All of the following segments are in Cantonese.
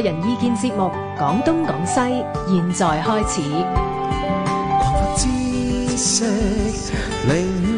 個人意見節目《講東講西》，現在開始。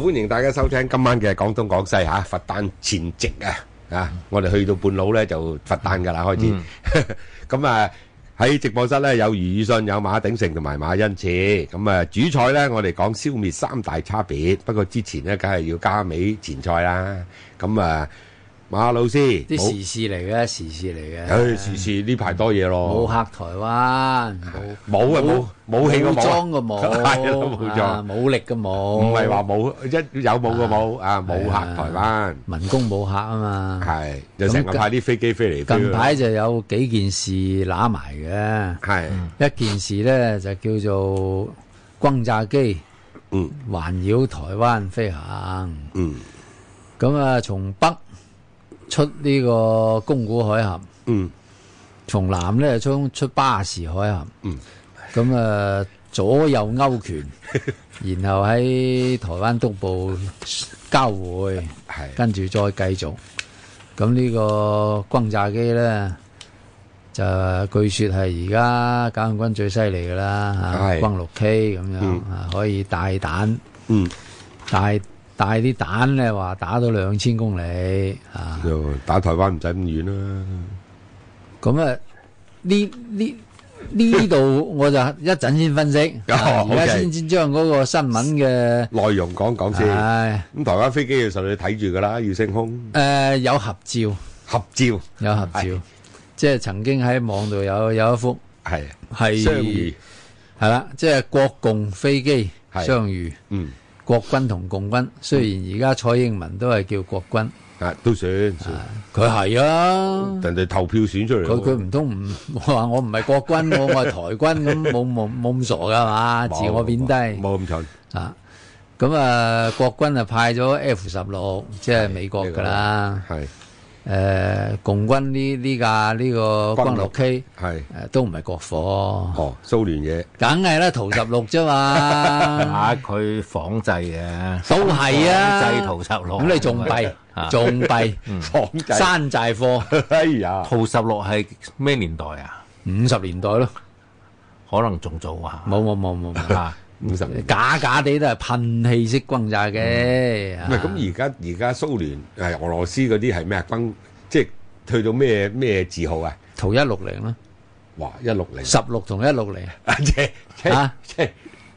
歡迎大家收聽今晚嘅廣東廣西吓佛誕前夕啊啊！我哋去到半路呢，就佛誕噶啦開始，咁啊喺直播室呢有余汝信、有馬鼎盛同埋馬恩賜，咁啊主菜呢，我哋講消滅三大差別，不過之前呢梗係要加尾前菜啦，咁啊。馬老師，啲時事嚟嘅時事嚟嘅，唉時事呢排多嘢咯。武嚇台灣，冇啊冇冇氣㗎冇，冇錯冇力㗎冇，唔係話冇一有冇㗎冇啊！武嚇台灣，文攻武嚇啊嘛，係又成日派啲飛機飛嚟。近排就有幾件事揦埋嘅，係一件事呢就叫做轟炸機，嗯環繞台灣飛行，嗯咁啊從北。出呢個宮古海峽，嗯，從南呢就衝出巴士海峽，嗯，咁啊左右勾拳， 然後喺台灣東部交會，係、嗯，跟住再繼續，咁、嗯、呢個轟炸機咧就據說係而家解放軍最犀利噶啦，吓、嗯，轟六 K 咁樣啊，嗯、可以大彈，嗯，大。帶啲彈咧，話打到兩千公里啊！打台灣唔使咁遠啦。咁啊，呢呢呢度我就一陣先分析，而家先先將嗰個新聞嘅內容講講先。咁台灣飛機要上你睇住噶啦，要升空。誒，有合照，合照有合照，即係曾經喺網度有有一幅係係相遇，係啦，即係國共飛機相遇，嗯。國軍同共軍，雖然而家蔡英文都係叫國軍，啊都算，佢係啊，人哋、啊、投票選出嚟，佢佢唔通唔話我唔係國軍，我係台軍，咁冇冇冇咁傻噶嘛？自我貶低，冇咁蠢。啊！咁啊，國軍啊派咗 F 十六，即係美國噶啦。 誒，共軍呢呢架呢個轟六 K 係誒，都唔係國貨哦，蘇聯嘢，梗係啦，圖十六啫嘛，啊，佢仿製嘅，都係啊，製圖十六，咁你仲弊，仲弊，仿製，山寨貨，哎呀，圖十六係咩年代啊？五十年代咯，可能仲早啊。冇冇冇冇。五十年假假地都係噴氣式轟炸嘅。唔係咁，而家而家蘇聯誒俄羅斯嗰啲係咩啊？轟即係去到咩咩字號啊？圖一六零啦。哇！一六零。十六同一六零啊！即係即係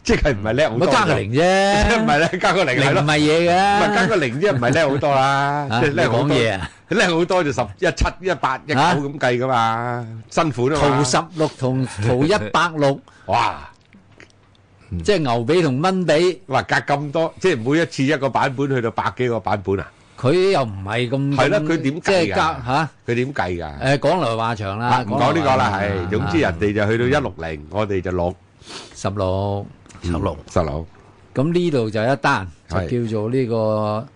即係佢唔係叻好多。我加個零啫，唔係咧加個零係咯。唔係嘢嘅？唔係加個零即係唔係叻好多啦。叻講嘢啊！叻好多就十一七一八一九咁計㗎嘛，辛苦啦嘛。圖十六同圖一百六。哇！即係牛比同蚊比，話隔咁多，即係每一次一個版本去到百幾個版本啊？佢又唔係咁係啦，佢點即係隔吓？佢點計噶？誒，講來話長啦，唔講呢個啦，係總之人哋就去到一六零，我哋就落十六十六十六。咁呢度就一單就叫做呢個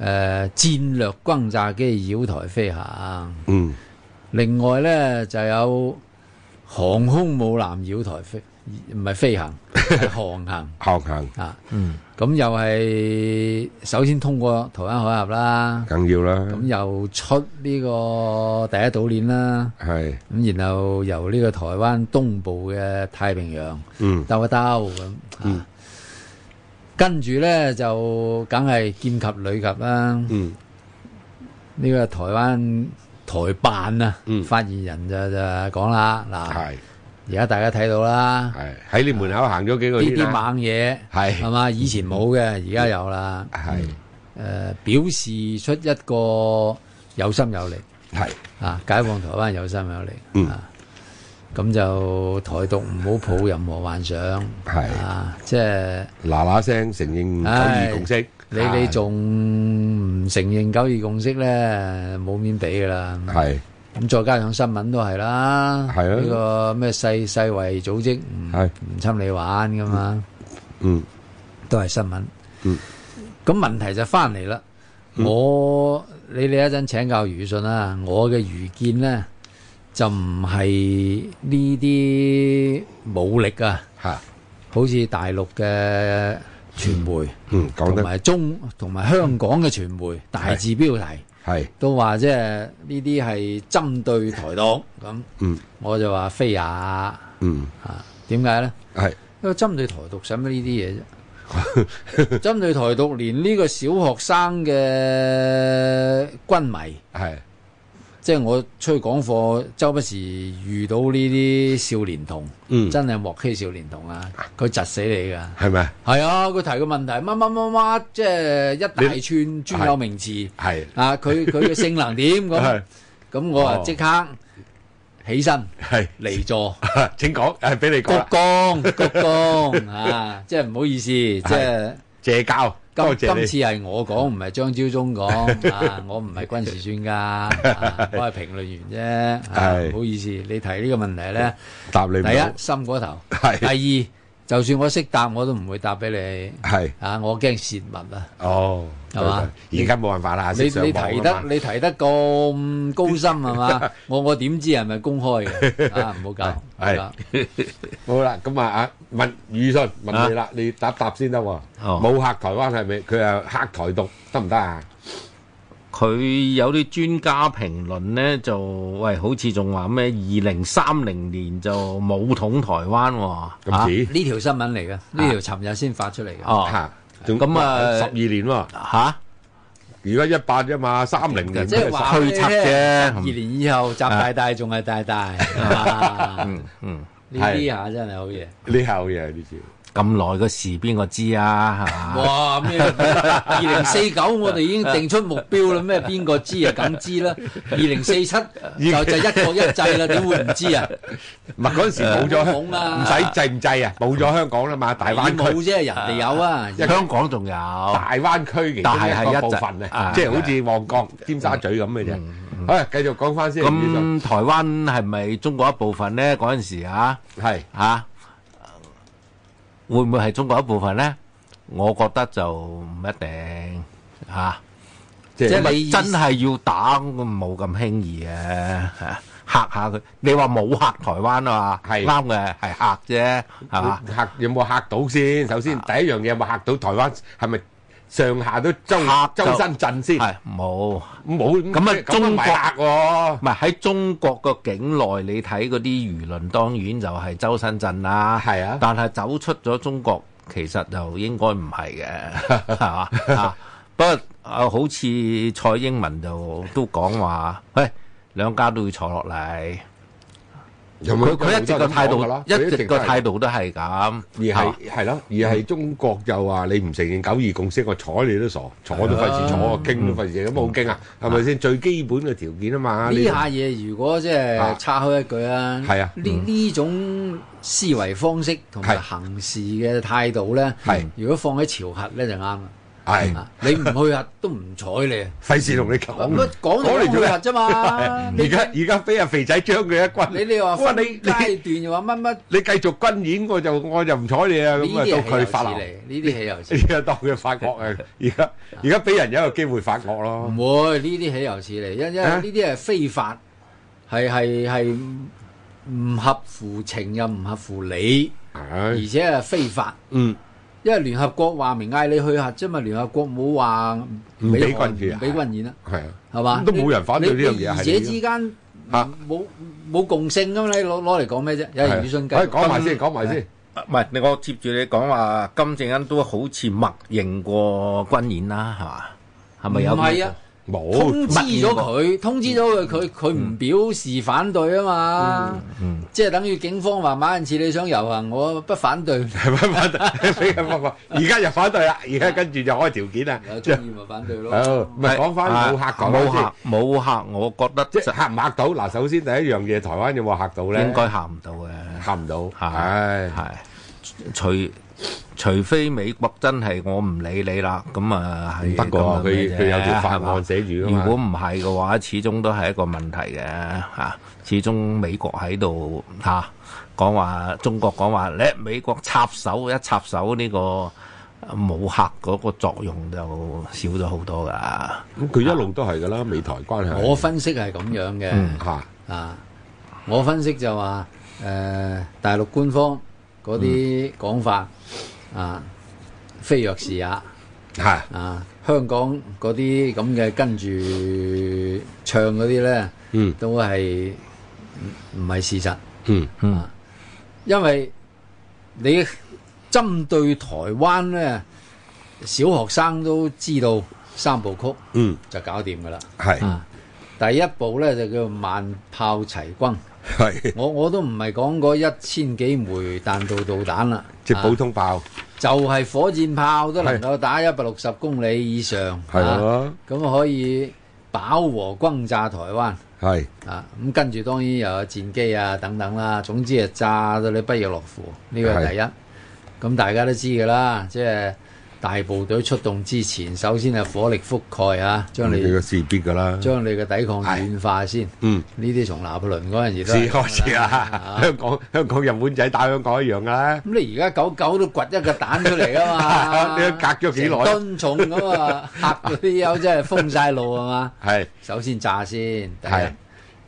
誒戰略轟炸機繞台飛行。嗯，另外咧就有航空母艦繞台飛。唔係飛行，航行。航行啊，嗯，咁又係首先通過台灣海峽啦，梗要啦。咁又出呢個第一島鏈啦，係。咁然後由呢個台灣東部嘅太平洋兜兜咁，跟住咧就梗係劍及履及啦。嗯，呢個台灣台辦啊，嗯，發言人就就講啦，嗱，係。而家大家睇到啦，喺你門口行咗幾個月呢啲猛嘢，係嘛？以前冇嘅，而家有啦。係誒，表示出一個有心有力，係啊！解放台灣有心有力，嗯，咁就台獨唔好抱任何幻想，係，即係嗱嗱聲承認九二共識。你你仲唔承認九二共識咧？冇面俾噶啦，係。咁再加上新聞都係啦，呢個咩世世衛組織唔唔侵你玩㗎嘛，嗯，都係新聞。嗯，咁問題就翻嚟啦。我你哋一陣請教余信啦，我嘅愚見呢就唔係呢啲武力啊，吓，好似大陸嘅傳媒，嗯，同埋中同埋香港嘅傳媒大字標題。係，是都話即係呢啲係針對台獨咁， 我就話非也。 嗯，啊，點解咧？係是，因為針對台獨使乜呢啲嘢啫？針 對台獨，連呢個小學生嘅軍迷係。 即係我出去講課，周不時遇到呢啲少年童，嗯、真係莫欺少年童啊！佢窒死你噶，係咪嗎？係啊！佢提個問題，乜乜乜乜，即係一大，大串專有名詞。係啊，佢佢嘅性能點咁？咁、嗯、是我啊即刻起身，係離是座，請講，係俾你講。鞠躬鞠躬啊！即係唔好意思，即係借教。今,今次係我講，唔係張召忠講。 啊，我唔係軍事專家， 啊、我係評論員啫。唔、 啊、好意思，你提呢個問題呢？答你唔到。第一，心過頭。 第二。就算我識答我都唔會答俾你，係啊，我驚泄密啊，哦，係嘛，而家冇辦法啦。你你提得你提得咁高深係嘛？我我點知係咪公開嘅啊？唔好搞，係好啦，咁啊啊問汝信問你啦，你答答先得喎，冇嚇台灣係咪？佢啊嚇台獨得唔得啊？佢有啲專家評論咧，就喂，好似仲話咩？二零三零年就武統台灣喎，啊，似，呢條新聞嚟嘅，呢條尋日先發出嚟嘅。哦，仲咁啊，十二、啊、年喎、啊、而家一八啫嘛，三零就都係推測啫。二年以後，習、嗯、大大仲係大大。嗯、啊、嗯，呢啲嚇真係好嘢。呢下好嘢呢條。咁耐嘅事邊個知啊？哇！咩？二零四九我哋已經定出目標啦。咩？邊個知啊？梗知啦。二零四七就一國一制啦。點會唔知啊？唔係嗰陣時冇咗香港嘛？唔使制唔制啊？冇咗香港啦嘛？大灣區冇啫，人哋有啊。香港仲有？大灣區但係係一部分啊，即係好似旺角、尖沙咀咁嘅啫。哎，繼續講翻先。咁台灣係咪中國一部分咧？嗰陣時啊，係啊。會唔會係中國一部分咧？我覺得就唔一定嚇。即係你真係要打，冇咁輕易嘅嚇嚇佢。你話冇嚇台灣啊嘛？係啱嘅，係嚇啫，係嘛？嚇有冇嚇到先？首先第一樣嘢有冇嚇到台灣係咪？上下都周到周身震先，冇冇咁啊！沒中國唔係喺中國個境內，你睇嗰啲輿論，當然就係周身震啦。係啊，但係走出咗中國，其實就應該唔係嘅，係嘛 吧？不過啊，好似蔡英文就都講話，喂，兩家都要坐落嚟。佢佢一直個態度，一直個態度都係咁，而係係咯，而係中國就話你唔承認九二共識，我睬你都傻，坐都費事坐，傾都費事，咁好傾啊？係咪先最基本嘅條件啊嘛？呢下嘢如果即係插開一句啊，係啊，呢呢種思維方式同埋行事嘅態度咧，如果放喺朝核咧就啱。係，你唔去啊，都唔睬你。費事同你講，講嚟做乜啫嘛？而家而家俾阿肥仔將佢一軍。你你話分你階段又話乜乜？你繼續軍演，我就我就唔睬你啊！咁啊，到佢發嚟。呢啲豈有此理，呢啲係當佢發國啊！而家而家俾人有一個機會發國咯。唔會，呢啲豈有此理，因因為呢啲係非法，係係係唔合乎情又唔合乎理，而且係非法。嗯。因為聯合國話明嗌你去下啫嘛，聯合國冇話唔俾軍演，唔俾軍演啦，係嘛？都冇人反對呢樣嘢啊！係啊，你哋者之間啊，冇冇共性㗎嘛，攞攞嚟講咩啫？有言語衝激，講埋先，講埋先。唔係，你我貼住你講話，金正恩都好似默認過軍演啦，係嘛？係咪有？冇通知咗佢，通知咗佢，佢佢唔表示反對啊嘛，即係等於警方話：馬恩次你想遊行，我不反對，反而家就反對啦，而家跟住就開條件啦。咪反對咯，唔係講翻冇嚇講。冇嚇冇嚇，我覺得即係嚇唔嚇到。嗱，首先第一樣嘢，台灣有冇嚇到咧？應該嚇唔到嘅，嚇唔到。係係除。除非美國真係我唔理你啦，咁啊，不過佢有啲法案寫住。寫如果唔係嘅話，始終都係一個問題嘅嚇、啊。始終美國喺度嚇講話中國講話咧，美國插手一插手呢個武嚇嗰個作用就少咗好多噶。咁佢一路都係噶啦，美、啊、台關係。我分析係咁樣嘅嚇、嗯、啊，啊！我分析就話誒、呃、大陸官方嗰啲講法。嗯啊，非若是也，係是啊，啊！香港嗰啲咁嘅跟住唱嗰啲咧，嗯，都係唔唔係事實，嗯嗯、啊，因為你針對台灣咧，小學生都知道三部曲，嗯，就搞掂噶啦，係，第一部咧就叫做萬炮齊轟。係， 我我都唔係講嗰一千幾枚彈道導彈啦，即普通炮、啊，就係、是、火箭炮都能夠打一百六十公里以上，係咁、啊啊、可以飽和轟炸台灣，係的啊，咁、嗯、跟住當然又有戰機啊等等啦，總之啊炸到你不亦樂乎，呢個係第一，咁的、嗯、大家都知噶啦，即係。大部隊出動之前，首先係火力覆蓋啊，將你個事線㗎啦，將你嘅抵抗軟化先。嗯，呢啲從拿破崙嗰陣時開始啊，香港香港日本仔打香港一樣啦。咁你而家狗狗都掘一個蛋出嚟啊嘛！你隔咗幾耐？噸重噉啊，嚇到啲友真係封晒路啊嘛。係首先炸先，第係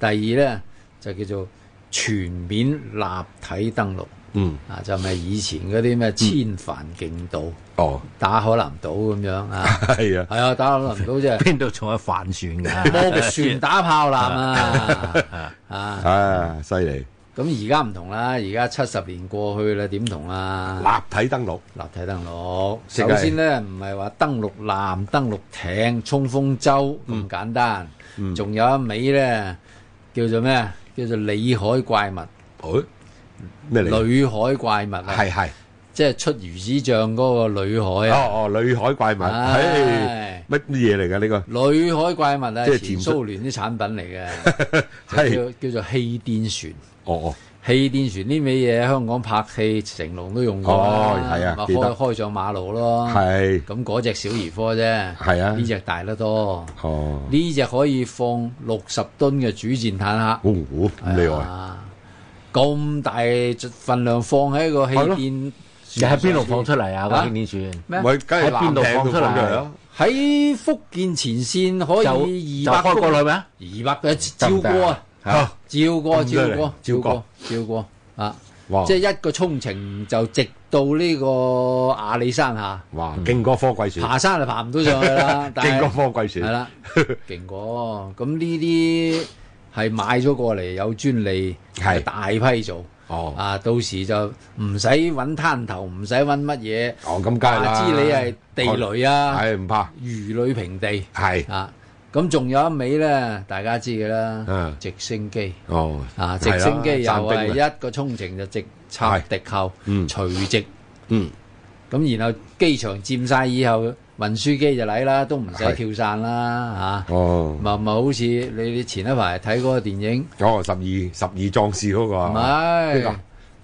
第二呢就叫做全面立體登陸。嗯啊，就咪以前嗰啲咩千帆競渡哦，打海南島咁樣啊，係啊，係啊，打海南島即係邊度仲有帆船㗎？船打炮艦啊啊，犀利！咁而家唔同啦，而家七十年過去啦，點同啊？立體登陸，立體登陸，首先咧唔係話登陸艦、登陸艇、衝鋒舟咁簡單，仲有一尾咧叫做咩啊？叫做裏海怪物。咩嚟？裏海怪物啊，係係，即係出魚子醬嗰個裏海啊。哦哦，裏海怪物，係乜嘢嚟噶？呢個裏海怪物啊，即係前蘇聯啲產品嚟嘅，叫叫做氣墊船。哦哦，氣墊船呢味嘢喺香港拍戲，成龍都用過，係啊，開上馬路咯。係咁，嗰隻小兒科啫。係啊，呢隻大得多。哦，呢隻可以放六十噸嘅主戰坦克。好厲害。咁大份量放喺個氣墊，你喺邊度放出嚟啊？氣墊船，梗係喺邊度放出嚟啊？喺福建前綫可以二百，就開過嚟咩？二百誒，照過啊，照過，照過，照過，照過啊！哇！即係一個衝程就直到呢個阿里山下，哇！勁過科貴船，爬山就爬唔到上去啦。勁過科貴船，係啦，勁過咁呢啲。係買咗過嚟有專利，係大批做哦。啊，到時就唔使揾灘頭，唔使揾乜嘢。哦，咁梗係啦。知你係地雷啊，係唔怕如履平地。係啊，咁仲有一味咧，大家知嘅啦。嗯，直升機。哦，啊，直升機又係一個衝程就直插敵後，垂直。嗯。咁然後機場佔晒以後咧。運輸機就嚟啦，都唔使跳傘啦，吓，唔係唔係好似你你前一排睇嗰個電影，哦，十二十二壯士嗰個，唔係，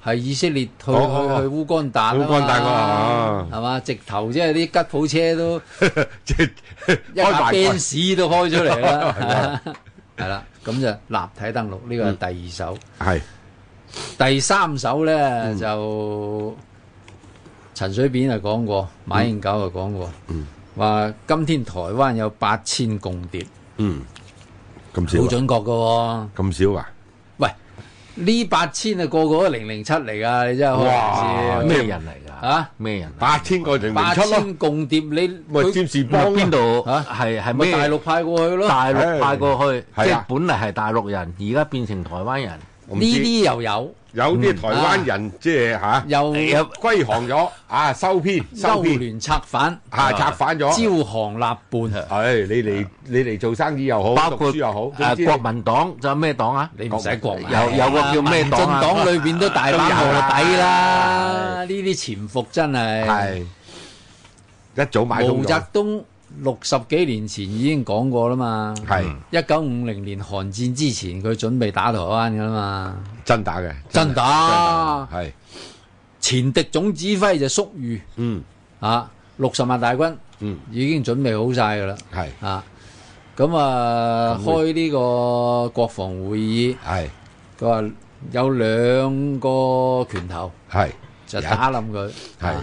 係以色列去去去烏干達，烏干達個，係嘛，直頭即係啲吉普車都即係一架巴士都開出嚟啦，係啦，咁就立體登陸呢個係第二首，係，第三首咧就。陳水扁又講過，馬英九又講過，話今天台灣有八千共諜，嗯，咁少，好準確㗎喎，咁少啊？喂，呢八千啊個個都零零七嚟㗎，你真係好咩人嚟㗎？嚇咩人？八千個零零七咯，八千共諜，你占士邦邊度？係係咪大陸派過去咯？大陸派過去，即係本嚟係大陸人，而家變成台灣人，呢啲又有。有啲台灣人即係嚇，又歸降咗啊，收編，收編，聯策反嚇，策反咗招降納叛。係你嚟你嚟做生意又好，讀書又好。誒，國民黨仲有咩黨啊？你唔使國，有有個叫咩黨？民進黨裏邊都大把臥底啦。呢啲潛伏真係係一早買通。毛澤東。六十幾年前已經講過啦嘛，係一九五零年韓戰之前，佢準備打台灣嘅啦嘛，真打嘅，真打，係前敵總指揮就粟裕，嗯，啊六十萬大軍，嗯，已經準備好晒嘅啦，係啊，咁啊開呢個國防會議，係佢話有兩個拳頭，係就打冧佢，係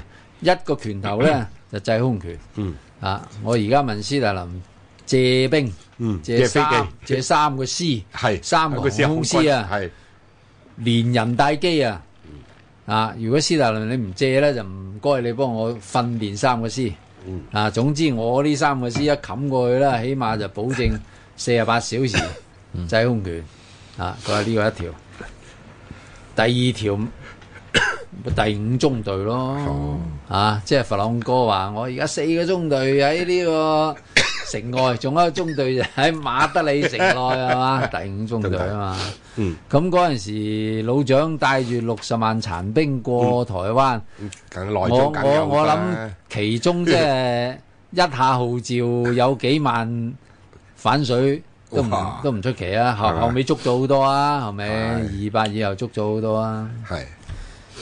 一個拳頭咧就制空權，嗯。啊！我而家問斯大林借兵，嗯、借三飛機，借三個師，係是三個航空，空師啊，是連人帶機啊。啊！如果斯大林你唔借咧，就唔該你幫我訓練三個師。啊，總之我呢三個師一冚過去啦，起碼就保證四十八小時制空權。 嗯、啊，佢話呢個一條。第二條。第五中隊咯，啊，即係佛朗哥話我而家四個中隊喺呢個城外，仲有一個中隊就喺馬德里城內係嘛？第五中隊啊嘛，咁嗰陣時老蔣帶住六十萬殘兵過台灣，我我我諗其中即係一下號召有幾萬反水都唔都唔出奇啊，後後尾捉咗好多啊，係咪？二百以後捉咗好多啊，係。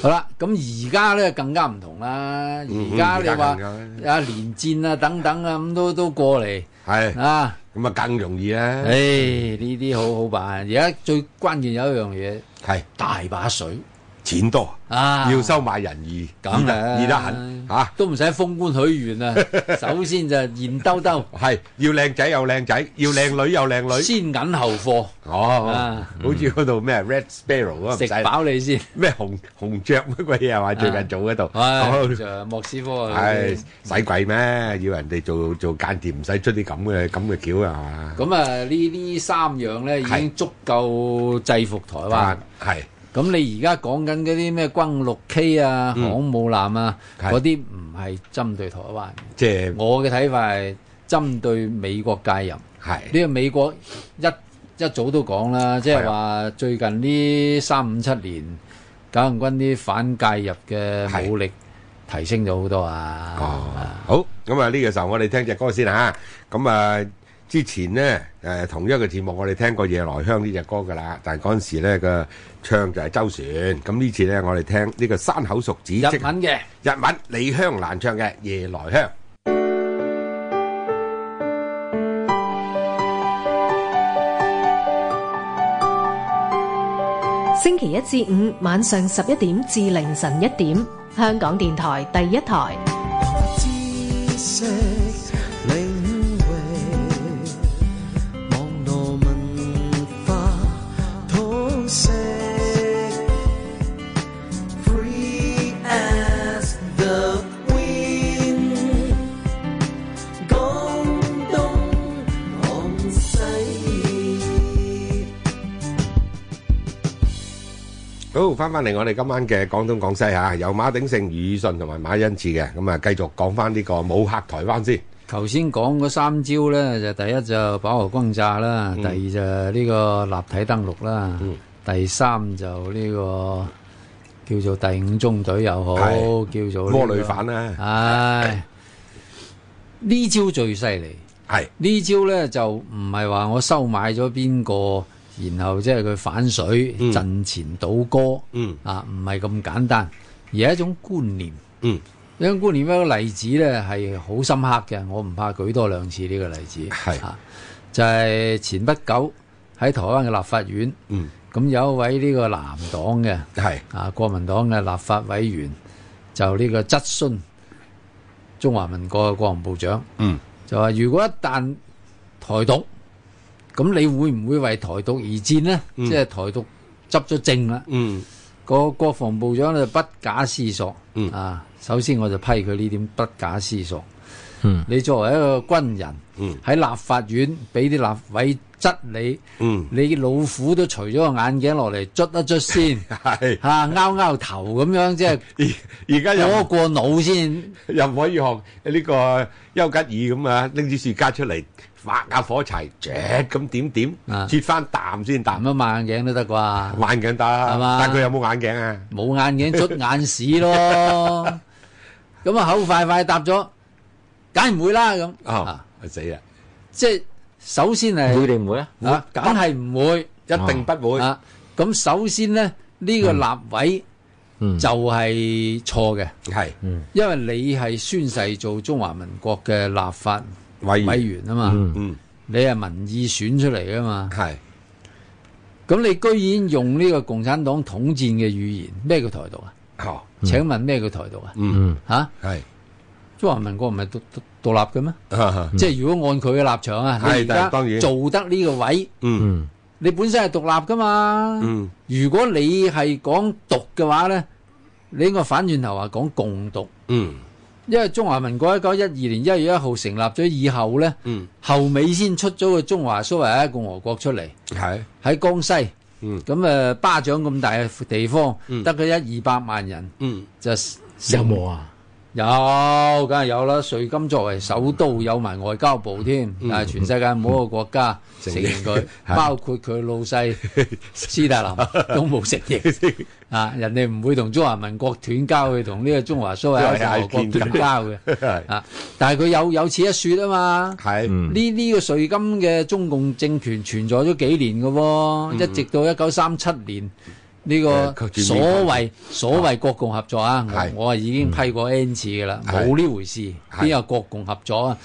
好啦，咁而家咧更加唔同啦，而家你話啊連戰啊等等啊咁都都過嚟，係是啊，咁啊更容易啦，啊。唉、哎，呢啲好好辦，而家最關鍵有一樣嘢係大把水。錢多，要收買人義，咁啦，易得很，吓都唔使封官許願啊。首先就鹽兜兜，係要靚仔又靚仔，要靚女又靚女，先銀後貨。哦，好似嗰度咩 Red Sparrow 食飽你先，咩紅紅雀乜鬼嘢啊？最近做嗰度，就莫斯科啊，使鬼咩？要人哋做做間諜，唔使出啲咁嘅咁嘅橋啊嘛。咁啊，呢呢三樣咧，已經足夠制服台灣。係。咁你而家講緊嗰啲咩軍六 K 啊、航母艦啊，嗰啲唔係針對台灣。即係是我嘅睇法係針對美國介入。係呢是個美國一一早都講啦，即係話最近呢三五七年，解放軍啲反介入嘅武力提升咗好多啊。哦，是好咁啊！呢個時候我哋聽隻歌先嚇。咁啊，之前呢，誒同一個節目我哋聽過《夜來香》呢隻歌㗎啦，但係嗰陣時咧唱就係周旋，咁呢次咧，我哋聽呢個山口淑子日文嘅，日文李香蘭唱嘅《夜來香》。星期一至五晚上十一點至凌晨一點，香港電台第一台。翻翻嚟，我哋今晚嘅廣東廣西吓，由馬鼎盛、余汝信同埋馬恩賜嘅，咁啊繼續講翻呢個武克台灣先。頭先講嗰三招咧，就第一就飽和轟炸啦，第二就呢個立體登陸啦，第三就呢個叫做第五中隊又好，叫做魔女反啦。唉，呢招最犀利。係呢招咧，就唔係話我收買咗邊個。然後即係佢反水、嗯、陣前倒戈，嗯、啊，唔係咁簡單，而係一種觀念。呢、嗯、種觀念一個例子咧係好深刻嘅，我唔怕舉多兩次呢個例子。係是、啊，就係、是、前不久喺台灣嘅立法院，咁、嗯、有一位呢個藍黨嘅係啊，國民黨嘅立法委員就呢個質詢中華民國嘅國防部長，嗯、就話如果一旦台獨。咁你會唔會為台獨而戰呢？嗯、即係台獨執咗政啦。個、嗯、國防部長就不假思索。嗯、啊，首先我就批佢呢點不假思索。嗯、你作為一個軍人，喺、嗯、立法院俾啲立委質你，嗯、你老虎都除咗個眼鏡落嚟，捽一捽先，嚇，拗拗頭咁樣，即係多過腦先，又唔可以學呢個丘吉爾咁啊，拎支雪茄出嚟。劃下火柴，只咁點點，切翻啖先，啖一抹眼鏡都得啩？眼鏡得，係嘛，但佢有冇眼鏡啊？冇眼鏡，捽眼屎咯。咁啊，口快快答咗，梗唔會啦咁。啊，死啦！即係首先係會定唔會啊？啊，梗係唔會，一定不會。咁首先呢，呢個立委就係錯嘅，係，因為你係宣誓做中華民國嘅立法。委員啊嘛，你係民意選出嚟噶嘛？係，咁你居然用呢個共產黨統戰嘅語言，咩叫台獨啊？哦，請問咩叫台獨啊？嗯，吓，係中華民國唔係獨獨立嘅咩？即係如果按佢嘅立場啊，係，當然做得呢個位，嗯，你本身係獨立噶嘛？嗯，如果你係講獨嘅話咧，你應該反轉頭話講共獨，嗯。因為中華民國一九一二年一月一號成立咗以後呢，嗯、後尾先出咗個中華蘇維埃共和國出嚟，喺的江西，咁誒、嗯嗯、巴掌咁大嘅地方，嗯、得個一二百萬人，嗯、就有、是、冇啊！有，梗係有啦。瑞金作為首都，有埋外交部添，但係全世界冇一個國家承認佢，嗯嗯嗯、包括佢老細 斯大林都冇承認。 啊，人哋唔會同中華民國斷交，去同呢個中華蘇維埃俄國斷交嘅。啊、嗯，嗯、但係佢有有此一説啊嘛。係、嗯，呢呢、這個瑞金嘅中共政權存在咗幾年嘅喎，一、嗯嗯嗯、直到一九三七年。呢個所謂所謂國共合作啊，我我已經批過 N 次嘅啦，冇呢回事，邊有國共合作啊？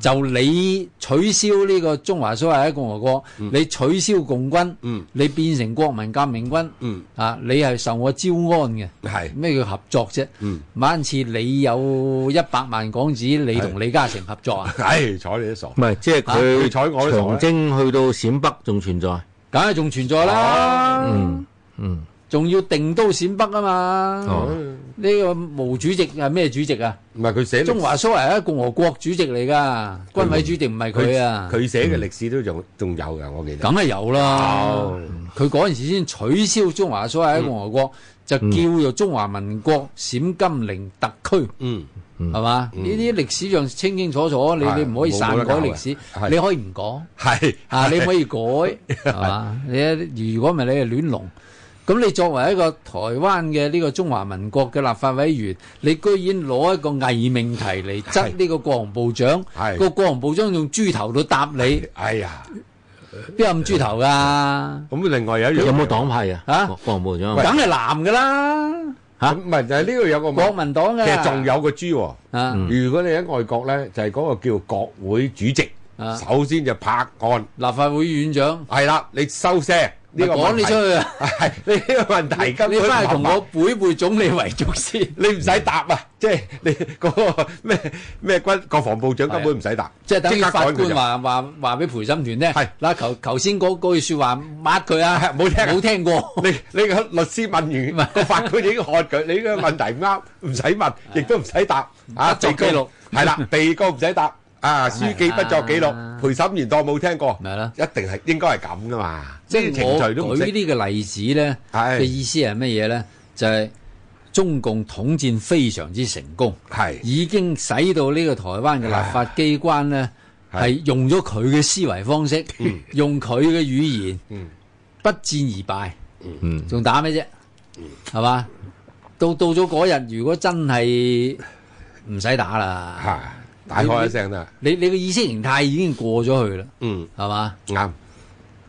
就你取消呢個中華蘇維埃共和國，你取消共軍，你變成國民革命軍，啊，你係受我招安嘅，咩叫合作啫？晚次你有一百萬港紙，你同李嘉誠合作啊？唉，睬你都傻，唔係即係佢我長征去到陝北仲存在，梗係仲存在啦。嗯，仲要定都陝北啊嘛？呢個毛主席係咩主席啊？唔係佢寫中華蘇維埃共和國主席嚟噶，軍委主席唔係佢啊。佢寫嘅歷史都仲仲有噶，我記得。梗係有啦，佢嗰陣時先取消中華蘇維埃共和國，就叫做中華民國陝甘寧特區。嗯，係嘛？呢啲歷史上清清楚楚，你你唔可以篡改歷史，你可以唔講係啊？你可以改係嘛？你如果唔係你係亂龍。咁你作為一個台灣嘅呢個中華民國嘅立法委員，你居然攞一個偽命題嚟質呢個國防部長，個國防部長用豬頭嚟答你，哎呀，邊有咁豬頭㗎？咁另外有一樣，有冇黨派啊？嚇，國防部長梗係男㗎啦嚇，唔係就係呢度有個國民黨嘅，仲有個豬。啊，如果你喺外國咧，就係嗰個叫國會主席，首先就拍案，立法會院長，係啦，你收聲。我講你出去啊！係你呢個問題根本冇埋。你翻去同我背背總理遺囑先，你唔使答啊！即係你個咩咩軍國防部長根本唔使答。即係等於法官話話話俾陪審團咧。係嗱，頭頭先嗰嗰句說話抹佢啊！冇聽冇聽過。你你個律師問完，個法官已經看佢。你個問題唔啱，唔使問，亦都唔使答。啊，做記錄係啦，被告唔使答啊，書記不作記錄。陪審員當冇聽過，咪咯，一定係應該係咁噶嘛。即係我舉呢個例子咧嘅意思係乜嘢咧？就係、是、中共統戰非常之成功，係是已經使到呢個台灣嘅立法機關咧，係呦用咗佢嘅思維方式，嗯、用佢嘅語言，嗯、不戰而敗，嗯，仲打咩啫？係嘛？到到咗嗰日，如果真係唔使打啦，大喝一聲啦，你你嘅意識形態已經過咗去啦、嗯，嗯，係嘛？啱。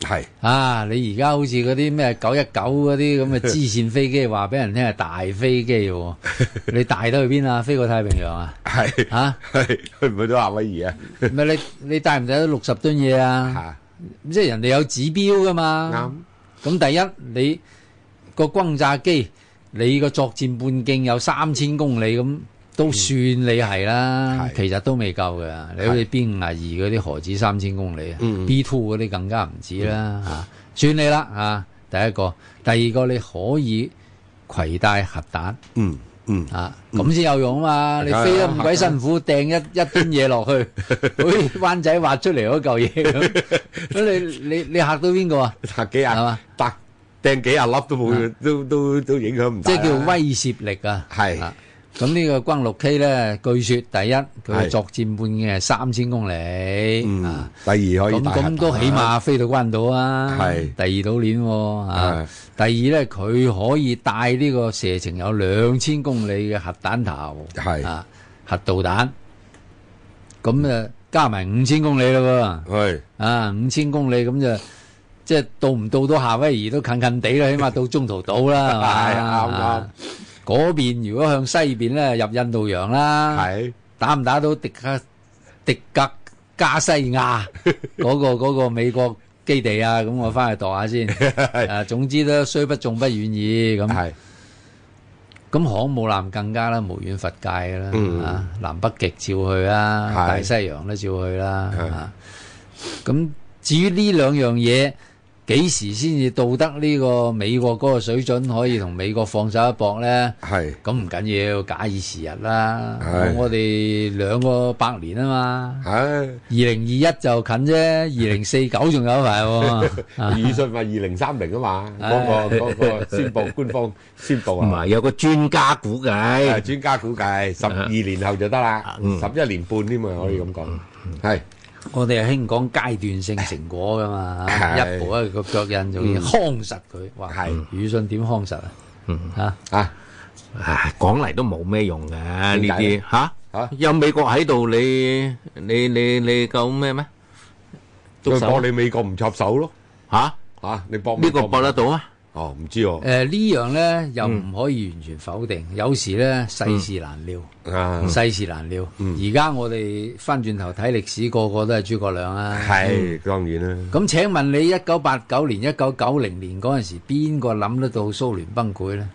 係啊！你而家好似嗰啲咩九一九嗰啲咁嘅支線飛機，話俾人聽係大飛機，你大到去邊啊？飛過太平洋啊？係吓？去唔去到夏威夷啊？咪你你帶唔帶到六十噸嘢啊？咁即係人哋有指標噶嘛？啱。咁第一你個轟炸機，你個作戰半徑有三千公里咁。都算你係啦，其實都未夠嘅。你好似 B 五呀二嗰啲何止三千公里，B two 嗰啲更加唔止啦嚇。算你啦嚇，第一個，第二個你可以攜帶核彈，嗯嗯啊，咁先有用啊嘛。你飛得咁鬼辛苦，掟一一堆嘢落去，好似灣仔挖出嚟嗰嚿嘢咁。咁你你你嚇到邊個啊？嚇幾廿啊？白掟幾廿粒都冇，都都都影響唔。即係叫威懾力啊！係。咁呢個轟六 K 咧，據說第一佢作戰半徑係三千公里，嗯，第二可以帶，咁、啊、都起碼飛到關島啊，係是第二島鏈喎、啊，啊，第二咧佢可以帶呢個射程有兩千公里嘅核彈頭，係是啊核導彈，咁啊加埋五千公里咯喎，是啊五千公里，咁就即係到唔到到夏威夷都近近地啦，起碼到中途島啦、啊，係咪啱啱？嗰邊如果向西邊咧入印度洋啦，打唔打到迪克迪格加西亞嗰個嗰個美國基地啊？咁我返去度下先。誒，總之都雖不中不遠矣。咁，咁航母艦更加啦，無遠弗屆啦。啊，南北極照去啦，大西洋都照去啦。啊，咁至於呢兩樣嘢。幾時先至到得呢個美國嗰個水準，可以同美國放手一搏咧？係咁唔緊要，假以時日啦。是啊、我哋兩個百年啊嘛，二零二一就近啫，二零四九仲有排、啊。汝 信話二零三零啊嘛，嗰個、啊、個宣布官方宣布啊，有個專家估計，專、哎嗯、家估計十二年後就得啦，十一、嗯、年半添嘛，可以咁講係。嗯嗯嗯我哋係興講階段性成果噶嘛，一步一個腳印，仲要夯實佢。話，係，汝信點夯實啊？吓啊，講嚟都冇咩用嘅呢啲，吓吓，有美國喺度，你你你你夠咩咩？就搏你美國唔插手咯，吓吓，你搏呢個搏得到咩？哦，唔知喎、哦。呢、誒、樣呢、嗯、又唔可以完全否定，有時呢世事難料，世事難料。而家、嗯嗯、我哋翻轉頭睇歷史，個個都係諸葛亮啊。係是、嗯、當然啦。咁請問你一九八九年、一九九零年嗰陣時，邊個諗得到蘇聯崩潰呢？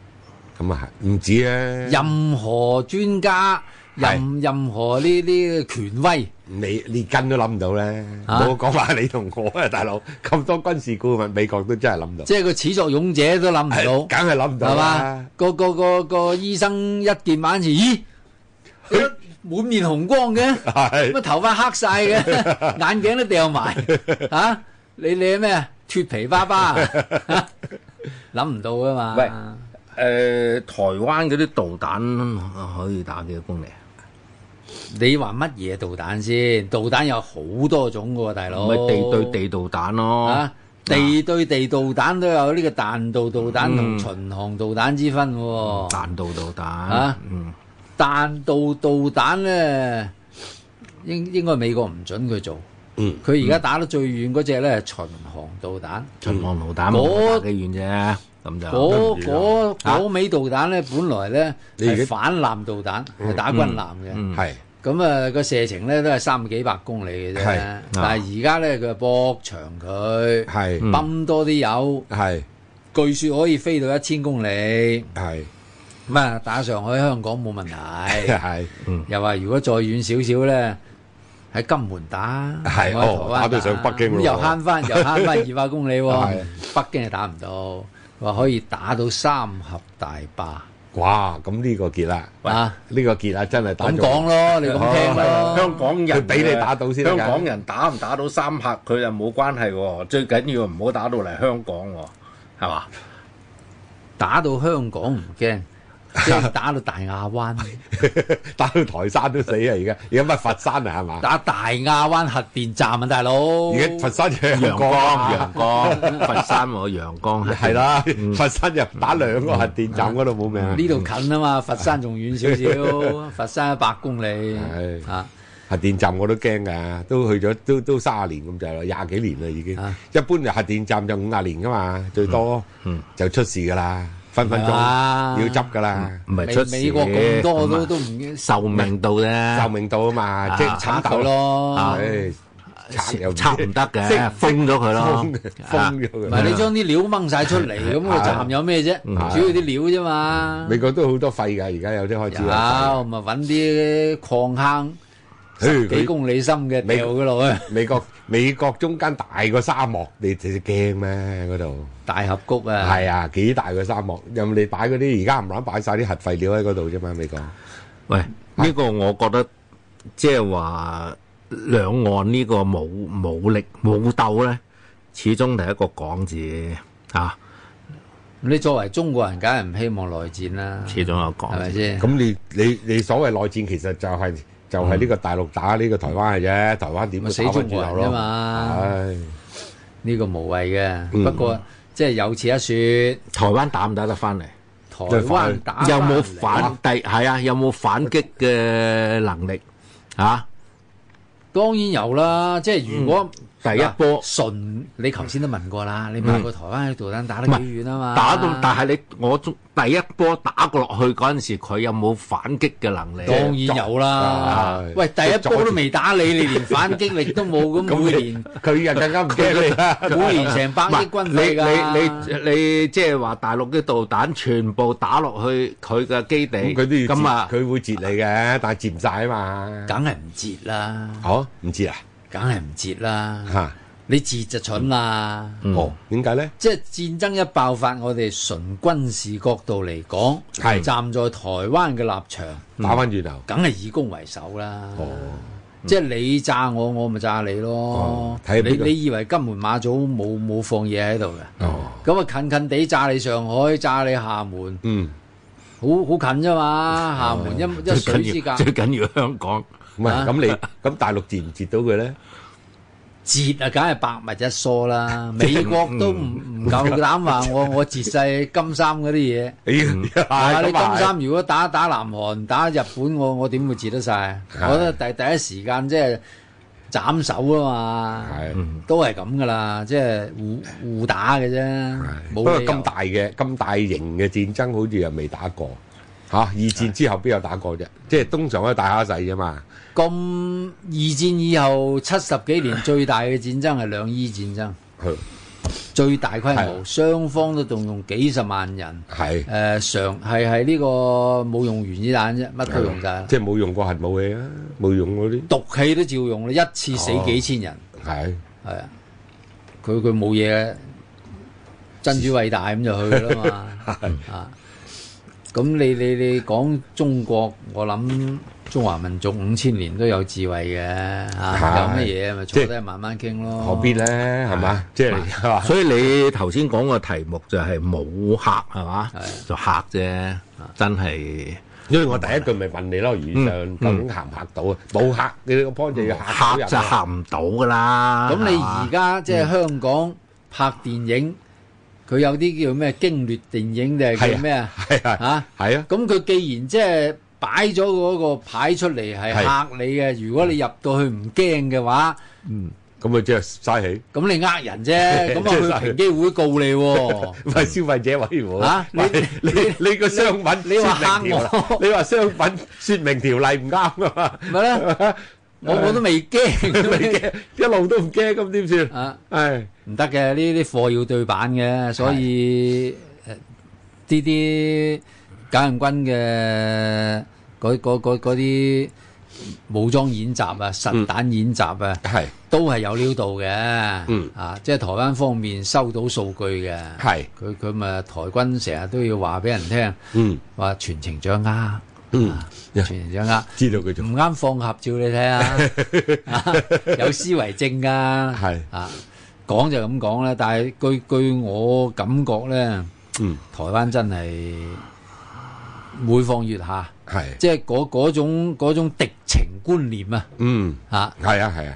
咁啊係，唔止啊。任何專家。任任何呢啲權威，你連根都諗唔到咧。冇講話你同我啊，大佬咁多軍事顧問，美國都真係諗唔到。即係個始作俑者都諗唔到，梗係諗唔到啦。係嘛？個個個個醫生一見眼前，咦，佢滿面紅光嘅，乜頭髮黑曬嘅，眼鏡都掉埋嚇。你你係咩啊？脫皮巴巴啊？諗唔到噶嘛？喂，誒，台灣嗰啲導彈可以打幾多公里啊？你話乜嘢導彈先？導彈有好多種噶喎，大佬。咪地對地導彈咯。啊，地對地導彈都有呢個彈道導彈同、嗯、巡航導彈之分噶。嗯、彈道導彈。啊，嗯、彈道導彈咧，應應該美國唔准佢做。嗯。佢而家打得最遠嗰隻咧，巡航導彈。嗯、巡航導彈冇咁遠啫。嗯那嗰嗰嗰美導彈咧，本來咧係反艦導彈，係打軍艦嘅，係咁啊，個射程咧都係三幾百公里嘅啫。但係而家咧佢博長佢，係泵多啲油，係據説可以飛到一千公里，係咁啊打上海、香港冇問題，係又話如果再遠少少咧，喺金門打，係打到上北京又慳翻又慳翻二百公里，北京係打唔到。話可以打到三峽大壩，哇！咁呢個結啦喂啊，呢、這個結啊，真係打到。咁講咯，你咁、哦、聽啦吧，香港人俾你打到先。香港人打唔打到三峽，佢又冇關係，啊。最緊要唔好打到嚟香港，啊，係嘛？打到香港唔驚。打到大亞灣，打到台山都死啊！而家而家乜佛山啊，係嘛？打大亞灣核電站啊，大佬！而家佛山嘅陽光，陽光，佛山我陽光係啦。佛山又打兩個核電站，嗰度冇命。呢度近啊嘛，佛山仲遠少少，佛山一百公里。係啊，核電站我都驚噶，都去咗都都三十年咁滯啦，廿幾年啦已經。一般就核電站就五十年噶嘛，最多就出事噶啦。分分鐘要執㗎喇，出事嘅。美國咁多都都唔壽命到啦，壽命到啊嘛，即係拆豆咯，拆又拆唔得嘅，封咗佢咯，封咗佢。唔係你將啲料掹晒出嚟，咁個站有咩啫？主要啲料啫嘛。美國都好多廢㗎，而家有啲開始有。咁咪揾啲礦坑？幾公里深嘅掉嘅咯，美國美國中間大個沙漠，你你驚咩？嗰度大峽谷啊！係啊，幾大個沙漠，任你擺嗰啲，而家唔敢擺晒啲核廢料喺嗰度啫嘛，美國。喂，呢個我覺得即係話兩岸呢個武武力武鬥咧，始終係一個港字啊！你作為中國人，梗係唔希望內戰啦，始終有港字，係咪先。咁你你你所謂內戰，其實就係。就係呢個大陸打呢、呢個台灣係啫，台灣點都打唔住頭嘛？唉，呢個無謂嘅，不過、嗯、即係有此一説，台灣打唔打得翻嚟？台灣打有冇反第？係啊，有冇反擊嘅能力啊？當然有啦，即係如果。嗯第一波，順你頭先都問過啦，你問過台灣啲導彈打得幾遠啊嘛？打到，但係你我中第一波打過落去嗰陣時，佢有冇反擊嘅能力？當然有啦。喂，第一波都未打你，你連反擊力都冇，咁每年佢又更加唔驚你，每年成百億軍費㗎。你你你你即係話大陸啲導彈全部打落去佢嘅基地，咁佢都要截，佢會截你嘅，但係截唔晒啊嘛。梗係唔截啦。哦，唔截啊？梗係唔截啦！嚇你截就蠢啦！哦，點解咧？即係戰爭一爆發，我哋純軍事角度嚟講，係站在台灣嘅立場打翻轉頭，梗係以攻為守啦！哦，即係你炸我，我咪炸你咯！睇！你你以為金門馬祖冇冇放嘢喺度嘅？哦，咁啊近近地炸你上海，炸你廈門，嗯，好好近啫嘛！廈門一一水之隔，最緊要香港。唔係咁你咁大陸截唔截到佢咧？截啊，梗係百物一疏啦！美國都唔唔夠膽話我我截曬金三嗰啲嘢。但係金三如果打打南韓、打日本，我我點會截得曬？我覺得第第一時間即係斬首啊嘛！都係咁噶啦，即係互互打嘅啫。不過咁大嘅咁大型嘅戰爭，好似又未打過。吓，二戰之後邊有打過啫？即係通常都係大蝦仔啫嘛。咁二戰以後七十幾年最大嘅戰爭係兩伊戰爭，最大規模，雙方都動用幾十萬人。係誒，常係係呢個冇用原子彈啫，乜都用晒。即係冇用過核武器啊，冇用嗰啲毒氣都照用啦，一次死幾千人。係係啊，佢佢冇嘢，真主偉大咁就去啦嘛。啊！咁你你你講中國，我諗中華民族五千年都有智慧嘅嚇，有乜嘢咪坐低慢慢傾咯，何必咧係嘛？即係，所以你頭先講個題目就係冇客係嘛？就客啫，真係。因為我第一句咪問你咯，以上究竟行客到啊？冇客，你個 point 就要客入啊。客就行唔到㗎啦。咁你而家即係香港拍電影。佢有啲叫咩經略電影定係叫咩啊？嚇，係啊。咁佢既然即係擺咗嗰個牌出嚟係嚇你嘅，如果你入到去唔驚嘅話，嗯，咁啊即係嘥氣。咁你呃人啫，咁啊去評議會告你喎。唔係消費者委員會。嚇，你你你個商品，你話嚇我，你話商品説明條例唔啱啊嘛。咪啦。我我都未驚，未驚， 一路都唔驚，咁點算？啊，係唔得嘅，呢啲貨要對版嘅，所以誒呢啲蔣慶軍嘅嗰啲武裝演習啊、實彈演習啊，係、嗯、都係有料到嘅。嗯，啊，即係台灣方面收到數據嘅，係佢佢咪台軍成日都要話俾人聽，嗯，話全程掌握。嗯，啊、嗯全掌知道佢唔啱放合照你睇下、啊 啊，有思維症噶，係是啊講就咁講啦。但係據據我感覺咧，嗯，台灣真係每放月下，係即係嗰嗰種嗰種敵情觀念啊，嗯，啊，係啊係啊。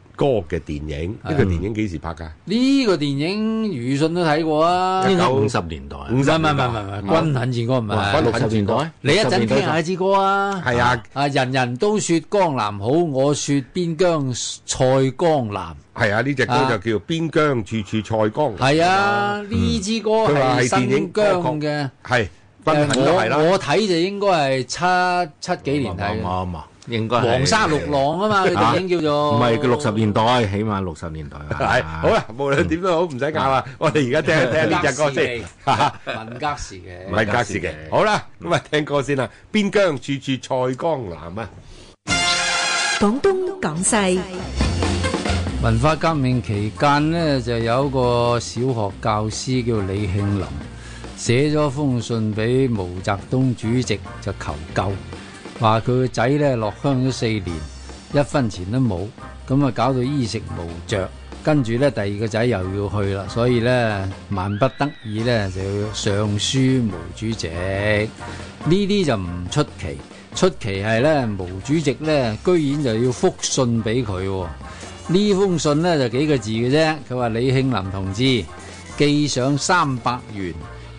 歌嘅電影，呢個電影幾時拍㗎？呢個電影汝信都睇過啊，九五十年代。五十年代唔係，唔係，唔係，軍墾戰歌唔係。軍墾年代。你一陣聽下呢支歌啊。係啊，啊人人都説江南好，我説邊疆賽江南。係啊，呢隻歌就叫邊疆處處賽江南。係啊，呢支歌係新疆嘅。係，軍墾都係啦。我睇就應該係七七幾年睇。啱應該黃沙綠浪啊嘛，電影叫做唔係六十年代，起碼六十年代。係，好啦，無論點都好，唔使搞啦！我哋而家聽聽下呢隻歌先，文革時期，唔係革時期。好啦，咁啊聽歌先啦，邊疆處處賽江南啊！廣東廣西文化革命期間咧，就有一個小學教師叫李慶林，寫咗封信俾毛澤東主席，就求救。話佢個仔咧，落鄉咗四年，一分錢都冇，咁啊搞到衣食無着。跟住咧，第二個仔又要去啦，所以咧，萬不得已咧，就要上書毛主席。呢啲，就唔出奇，出奇係咧，毛主席咧居然就要復信俾佢。呢封信咧，就幾個字嘅啫，佢話，李慶林同志寄上三百元，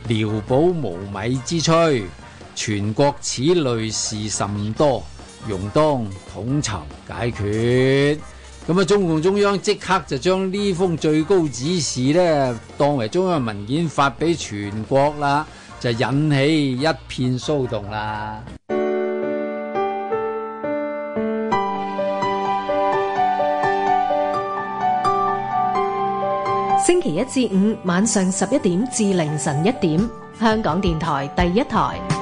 聊補無米之炊。全國此類事甚多，容當統籌解決。咁啊，中共中央即刻就將呢封最高指示呢當為中央文件發俾全國啦，就引起一片騷動啦。星期一至五晚上十一點至凌晨一點，香港電台第一台。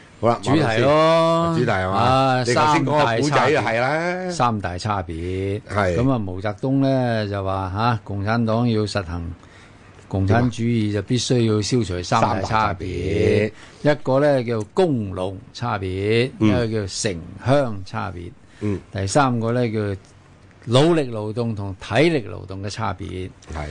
好啦，主題咯，主題係嘛？啊，三大差別係咧，三大差別係。咁啊，是毛澤東咧就話嚇，啊，共產黨要實行共產主義，就必須要消除三大差別。一個咧叫工農差別，一個叫城鄉差別，嗯，第三個咧叫腦力勞動同體力勞動嘅差別，係。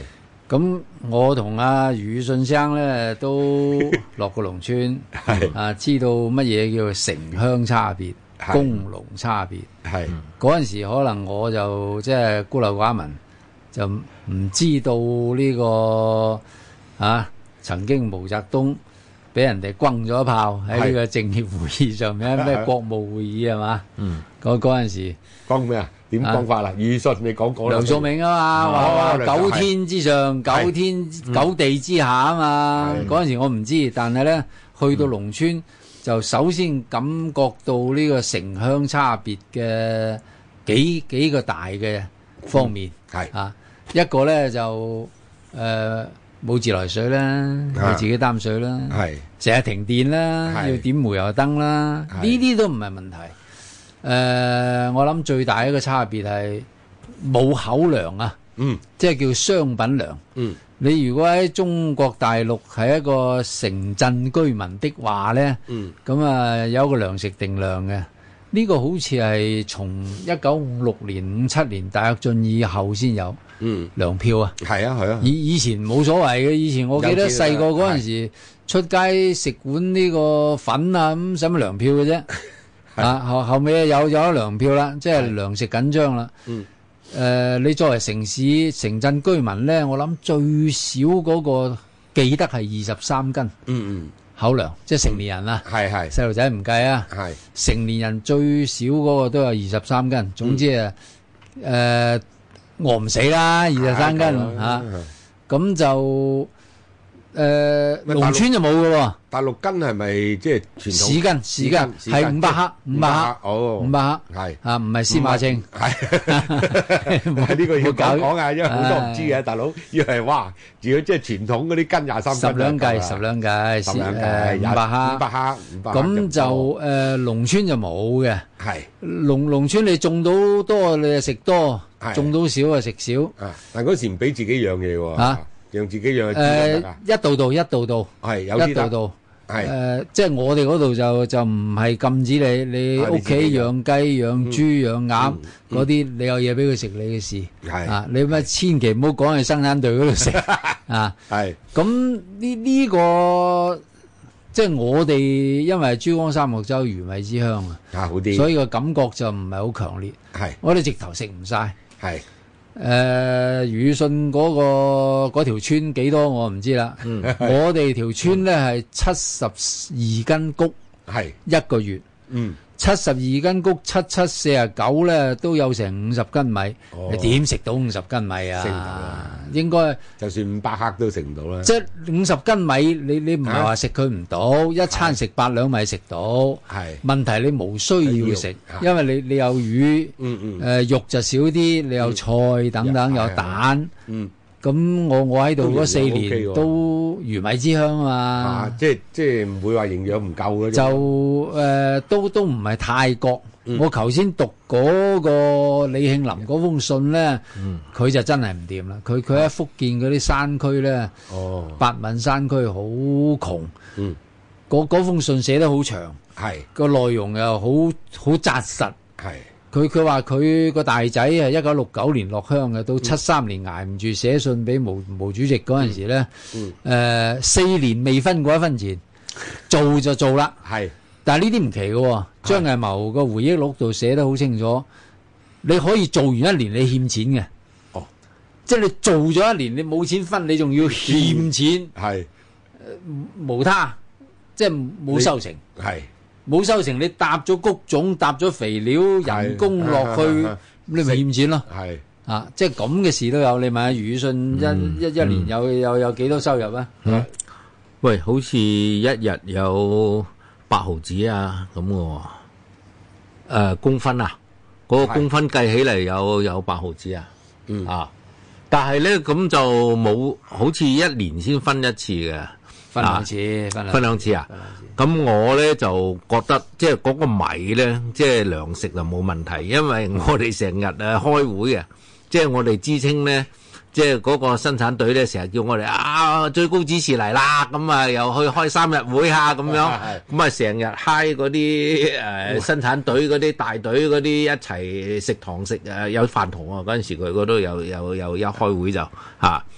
咁我同阿余汝信生咧都落過農村， 是啊知道乜嘢叫城鄉差別、是工農差別。係嗰陣時可能我就即係孤陋寡聞，就唔、是、知道呢、個啊曾經毛澤東俾人哋轟咗一炮喺呢個政協會議上面，咩是國務會議係嘛？嗯，嗰陣時講咩啊？點講法啦？汝信你講講梁漱溟啊嘛，九天之上，九天九地之下啊嘛。嗰陣時我唔知，但係咧去到農村就首先感覺到呢個城鄉差別嘅幾幾個大嘅方面。係啊，一個咧就誒冇自來水啦，要自己擔水啦。係成日停電啦，要點煤油燈啦，呢啲都唔係問題。誒、呃，我諗最大一個差別係冇口糧啊，嗯，即係叫商品糧，嗯，你如果喺中國大陸係一個城鎮居民的話呢，嗯、啊，咁啊有一個糧食定量嘅，呢、這個好似係從一九五六年五七年大躍進以後先有，嗯，糧票啊，係啊係啊，以以前冇所謂嘅，以前我記得細個嗰陣時，時出街食碗呢個粉啊，咁使乜糧票嘅、啊、啫。嗯. 啊，後後尾有有糧票啦，即係糧食緊張啦。嗯，誒，你作為城市城鎮居民咧，我諗最少嗰個記得係二十三斤。嗯嗯，口糧即係成年人啦，係係，細路仔唔計啊。係成年人最少嗰個都有二十三斤。總之啊，誒，餓唔死啦，二十三斤吓，咁就。誒，農村就冇嘅喎。大陸斤係咪即係傳統？市斤市斤係五百克，五百克，五百克係吓，唔係司馬秤，係。唔係呢個要講講啊，因為好多唔知嘅大佬，要係哇，如果即係傳統嗰啲斤廿三十兩計，十兩計，十兩計，五百克，五百克，五百。咁就誒，農村就冇嘅。係農農村，你種到多你就食多，種到少啊食少。啊，但嗰時唔俾自己養嘢喎。用自己養嘅豬嚟㗎。誒，一度度，一度度，係有啲道道，係誒，即係我哋嗰度就就唔係禁止你，你屋企養雞、養豬、養鴨嗰啲，你有嘢俾佢食，你嘅事。係，你咪千祈唔好講去生產隊嗰度食啊！係，咁呢呢個即係我哋，因為珠江三角洲魚米之鄉，啊，好啲，所以個感覺就唔係好強烈。係，我哋直頭食唔晒。係。誒汝，呃、信嗰，嗰個嗰條村幾多我唔知啦，嗯、 我哋條村咧係七十二斤谷，係一個月。是嗯七十二斤谷，七七四十九咧，都有成五十斤米，你點食到五十斤米啊？應該就算五百克都食唔到啦。即係五十斤米，你你唔係話食佢唔到，一餐食八兩米食到。係問題你冇需要食，因為你你有魚，誒肉就少啲，你有菜等等，有蛋。嗯。咁我我喺度嗰四年都魚米之鄉啊嘛，即係即係唔會話營養唔夠咯。就、呃、誒都都唔係泰國。嗯、我頭先讀嗰個李慶林嗰封信咧，佢、嗯、就真係唔掂啦。佢佢喺福建嗰啲山區咧，哦、白雲山區好窮。嗯，嗰封信寫得好長，係個、嗯、內容又好好紮實，係。嗯佢佢話佢個大仔係一九六九年落鄉嘅，到七三年捱唔住寫信俾毛毛主席嗰陣時咧，誒四、嗯嗯呃、年未分過一分錢，做就做啦。係是，但係呢啲唔奇嘅喎，哦，張藝謀個回憶錄度寫得好清楚，你可以做完一年你欠錢嘅。哦，即係你做咗一年你冇錢分，你仲要欠錢。係、嗯，無他，即係冇收成。係。冇收成，你搭咗穀種、搭咗肥料、是人工落去，是你咪欠錢咯。係啊，即係咁嘅事都有。你問一下余汝信一、嗯、一年有、嗯、有有幾多收入啊？喂，好似一日有八毫子啊咁喎。誒、呃、公分啊，嗰、嗰個公分計起嚟有是有八毫子啊。嗯啊，但係咧咁就冇，好似一年先分一次嘅。分兩次，分兩次啊！咁、啊、我咧就覺得，即係嗰個米咧，即、就、係、是、糧食就冇問題，因為我哋成日誒開會嘅，即係 我哋知青咧，即係嗰個生產隊咧，成日叫我哋啊最高指示嚟啦！咁啊又去開三日會嚇咁樣，咁 啊成日嗨嗰啲誒生產隊嗰啲大隊嗰啲一齊食堂食誒有飯堂喎、啊，嗰時佢嗰度又又又一開會就嚇。啊嗯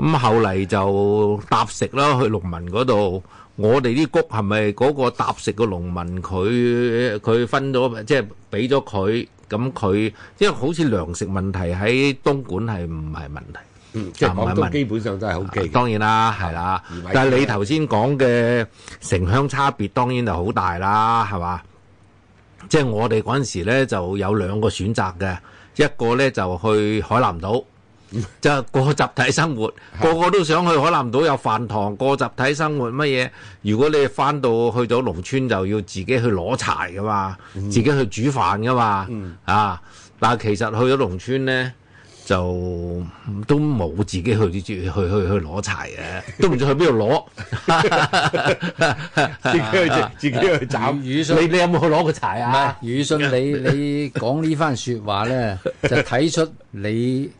咁、嗯、後嚟就搭食啦，去農民嗰度。我哋啲谷係咪嗰個搭食嘅農民佢佢分咗，即係俾咗佢。咁佢因為好似糧食問題喺東莞係唔係問題？嗯，即係講到基本上都係好嘅、啊。當然啦，係啦。啊、但係你頭先講嘅城鄉差別當然就好大啦，係嘛？即係我哋嗰陣時咧就有兩個選擇嘅，一個咧就去海南島。就係過集體生活，是的 個個都想去海南島，有飯堂過集體生活乜嘢？如果你哋翻到去到農村，就要自己去攞柴噶嘛，自己去煮飯噶嘛。啊、嗯，但係，其實去咗農村咧，就都冇自己去去去去攞柴嘅，都唔知去邊度攞，自己去自己去斬。汝信，你你有冇去攞個柴啊？唔係，汝信你，你你講呢番說話咧，就睇出你。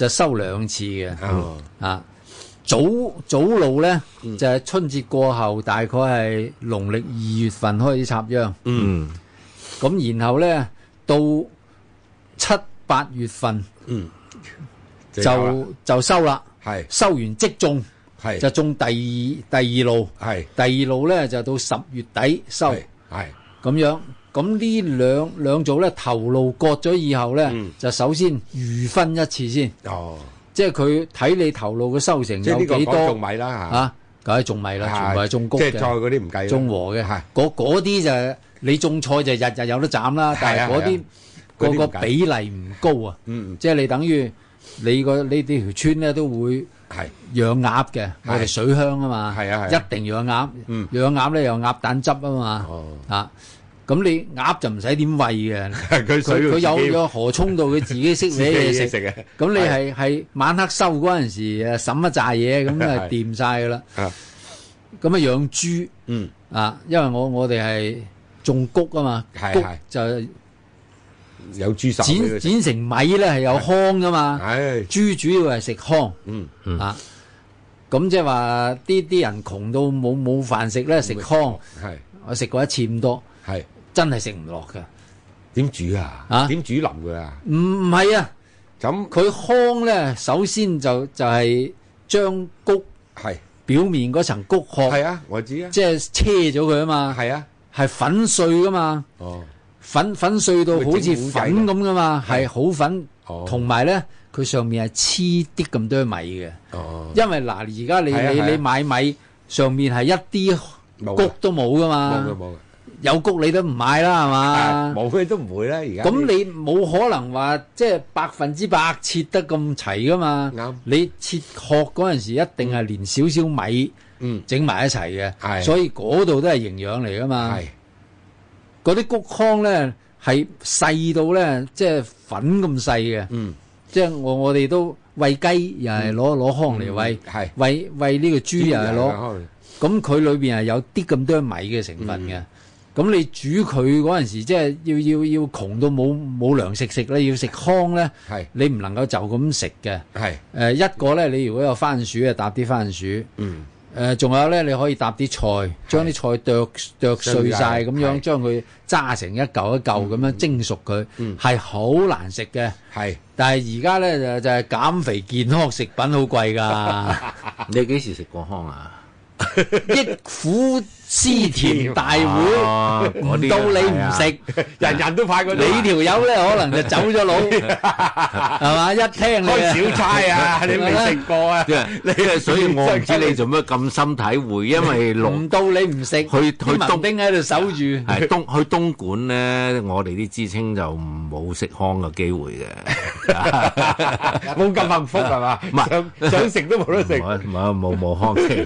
就收兩次嘅，嗯、啊早早路咧、嗯、就係春節過後，大概係農曆二月份開始插秧，嗯，咁然後咧到七八月份，嗯，就就，就收啦，係是收完即種，係是就種第二第二路，係是第二路咧就到十月底收，係咁樣。咁呢兩兩組咧頭路割咗以後咧，就首先預分一次先。哦，即係佢睇你頭路嘅收成有幾多米啦？吓？梗係種米啦，全部係種穀嘅。即係菜嗰啲唔計種。種禾嘅，嗰啲就你種菜就日日有得斬啦。但係嗰啲個個比例唔高啊。嗯，即係你等於你個呢啲條村咧都會養鴨嘅，係水鄉啊嘛。係啊係，一定養鴨。嗯，養鴨咧又鴨蛋汁啊嘛。哦，啊。咁你鴨就唔使點餵嘅，佢佢有個河涌度，佢自己識搲嘢食食嘅。咁你係係晚黑收嗰陣時，誒，揾一紮嘢，咁啊掂晒噶啦。咁啊養豬，嗯啊，因為我我哋係種穀啊嘛，係係就有豬手，剪剪成米咧係有糠噶嘛，係豬主要係食糠，嗯嗯啊。咁即係話啲啲人窮到冇冇飯食咧，食糠係，我食過一次咁多係。真係食唔落噶點煮啊？啊，點煮淋佢啊？唔唔係啊，咁佢糠咧，首先就就係將谷係表面嗰層谷殼係啊，我知啊，即係車咗佢啊嘛，係啊，係粉碎噶嘛，哦，粉粉碎到好似粉咁噶嘛，係好粉，哦，同埋咧，佢上面係黐啲咁多米嘅，哦，因為嗱，而家你你你買米上面係一啲谷都冇噶嘛，冇有穀你都唔買啦，係嘛？無非都唔會啦，而家。咁你冇可能話即係百分之百切得咁齊㗎嘛？啱。你切殼嗰陣時，一定係連少少米嗯整埋一齊嘅，所以嗰度都係營養嚟㗎嘛？係。嗰啲穀糠呢係細到呢即係粉咁細嘅，嗯。即係我我哋都餵雞又係攞攞糠嚟餵，係餵餵呢個豬又係攞。咁佢裏邊係有啲咁多米嘅成分嘅。咁你煮佢嗰陣時，即係要要要窮到冇冇糧食食咧，要食糠咧，你唔能夠就咁食嘅。係誒一個咧，你如果有番薯啊，就搭啲番薯。嗯。誒，仲有咧，你可以搭啲菜，將啲菜剁剁碎晒，咁樣將佢揸成一嚿一嚿咁樣蒸熟佢，係好難食嘅。係。但係而家咧就就係減肥健康食品好貴㗎。你幾時食過糠啊？益苦。思甜大會，唔到你唔食，人人都派過你。你條友咧可能就走咗佬，係嘛？一聽開小差啊！你未食過啊？你啊，所以我知你做乜咁深體會，因為輪唔到你唔食，去去東兵喺度守住。係東去東莞咧，我哋啲知青就冇食糠嘅機會嘅，冇咁幸福係嘛？想食都冇得食，冇冇糠食，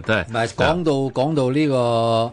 都係。唔係講到講到。呢個。